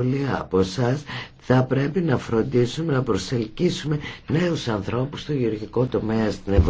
Πολλοί από εσά θα πρέπει να φροντίσουμε να προσελκύσουμε νέους ανθρώπους στο γεωργικό τομέα στην Ευρώπη.